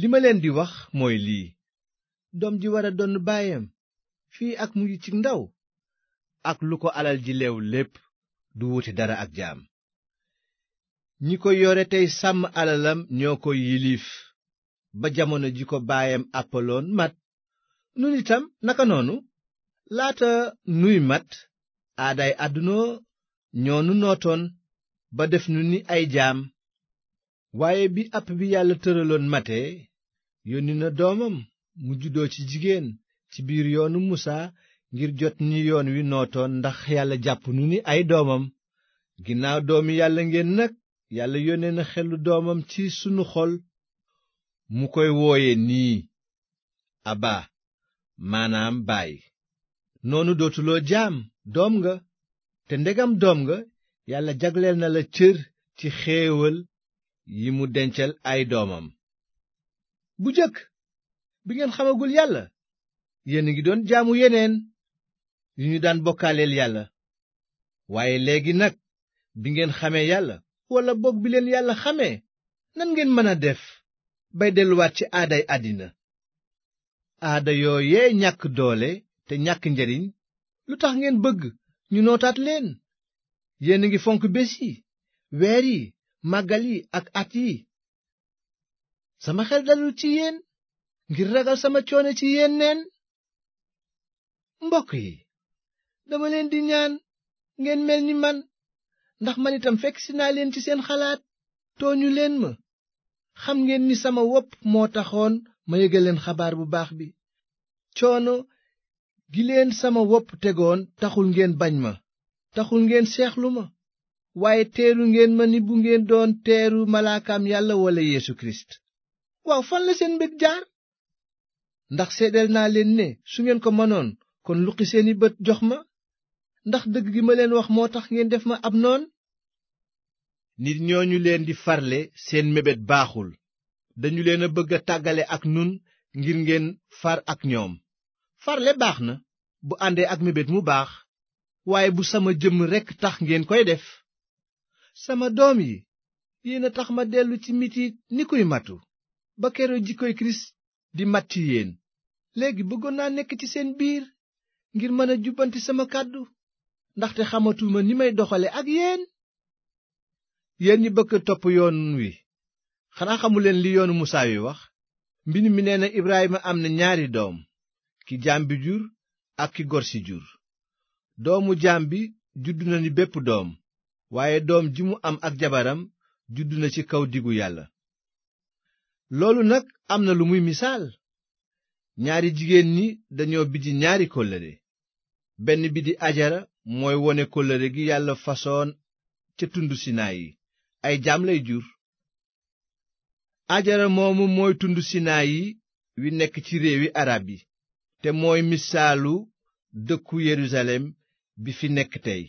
li ma leen di wax mooy lii doom ji war a donn baayam fii ak mu ngi ci ndaw ak lu ko alal ji leew lépp du wuti dara ak jaam ñi ko yore tey sàmm alalam ñoo ko yilif ba jamono ji ko baayam àppaloon mat nun itam naka noonu laata nuy mat aadaay àdduna ñoo nu nootoon ba def nu ni ay jaam waaye bi app bi yàlla tëraloon matee yónni na doomam mu juddoo ci jigéen ci biir yoonu musaa ngir jot ni yoon wi nootoon ndax yàlla jàpp nu ni ay doomam ginnaaw doom yàlla ngeen nag yàlla yónnee na xelu doomam ci sunu xol mu koy wooye nii aba maanaam baay noonu dootuloo jaam doom nga te ndegam doom nga yàlla jagleel na la cër ci xéewal yi mu dencal ay doomam bu jëkk bi ngeen xamagul yàlla yéen a ngi doon jaamu yeneen yu ñu daan bokkaaleel yàlla waaye léegi nag bi ngeen xamee yàlla walla boog bi leen yàlla xamee nan ngeen mën a def bay delluwaat ci aaday àddina aada yooyee ñàkk doole te ñàkk njariñ lu tax ngeen bëgg ñu nootaat leen yéen ngi fonk bés yi màggal yi ak at yi sama xel dalul ci yéen ngir ragal sama coono ci yéen neen mbokk yi dama leen di ñaan ngeen mel ni man ndax man itam fekk si naa leen ci seen xalaat tooñu leen ma xam ngeen ni sama wopp moo taxoon ma yëgal leen xabaar bu baax bi coono gileen sama wopp tegoon taxul ngeen bañ ma taxul ngeen seexlu ma waaye teeru ngeen ma ni bu ngeen doon teeru malaakaam yàlla walla yéesu Kirist waaw fan la seen mbég jaar ndax seedeel naa leen ne su ngeen ko mënoon kon luqi seeni bët jox ma ndax dëgg gi ma leen wax moo tax ngeen def ma ab noon nit ñu leen di farle seen mébét baaxul dañu leen a bëgg a tàggale ak nun ngir ngeen far ak ñoom farle baax na bu àndee ak mébét mu baax waaye bu sama jëmm rekk tax ngeen koy def sama doom yi yéen a tax ma dellu ci mitiit ni kuy matu ba keroog jikkoy kirist di mat ci yéen léegi bëggoon naa nekk ci seen biir ngir mën a jubbanti sama kàddu ndaxte xamatuma ni may doxale ak yéen yéen ñi bëgg topp yoon wi xanaa xamuleen li yoonu musaa wi wax mbind mi nee na Ibrahima am na ñaari doom ki jaam bi jur ak ki gor jur doomu jaam bi judd na ni bépp doom waaye doom ji mu am ak jabaram juddu na ci kaw digu yàlla loolu nag am na lu muy misaal ñaari jigéen ñi dañoo biti ñaari kóllëre benn bi di ajara mooy wone kóllëre gi yàlla fasoon ca tundu sinaay yi ay jaam lay jur ajara moomu mooy tundu sinaay yi wi nekk ci réewi arab yi te mooy misaalu dëkku yerusalem bi fi nekk tey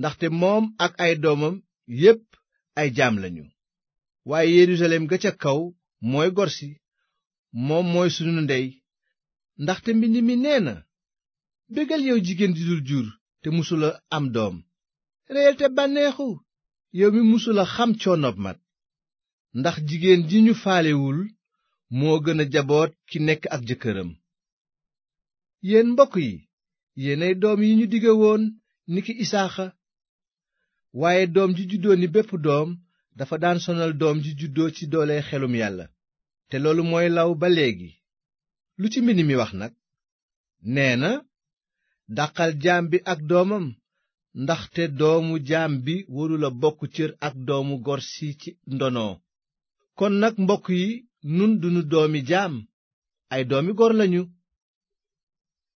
ndaxte moom ak ay doomam yépp ay jaam lañu waaye Yerusalem ga ca kaw mooy gor moom mooy sunu ndey ndaxte mbind mi nee na bégal yow jigéen di dul jur te musula am doom réyal te bànneexu yow mi musula xam coonob mat ndax jigéen ji ñu falewul moo gën a jaboot ki nekk ak jëkkëram yéen mbokk yi yéenay doom yi ñu dige waaye doom ji juddoo ni bépp doom dafa daan sonal doom ji juddoo ci doole xelum yàlla te loolu mooy law ba léegi lu ci mbind mi wax nag nee na dàqal jaam bi ak doomam ndaxte doomu jaam bi warula bokk cër ak doomu gor si ci ndonoo kon nag mbokk yi nun dunu doomi jaam ay doomi gor lañu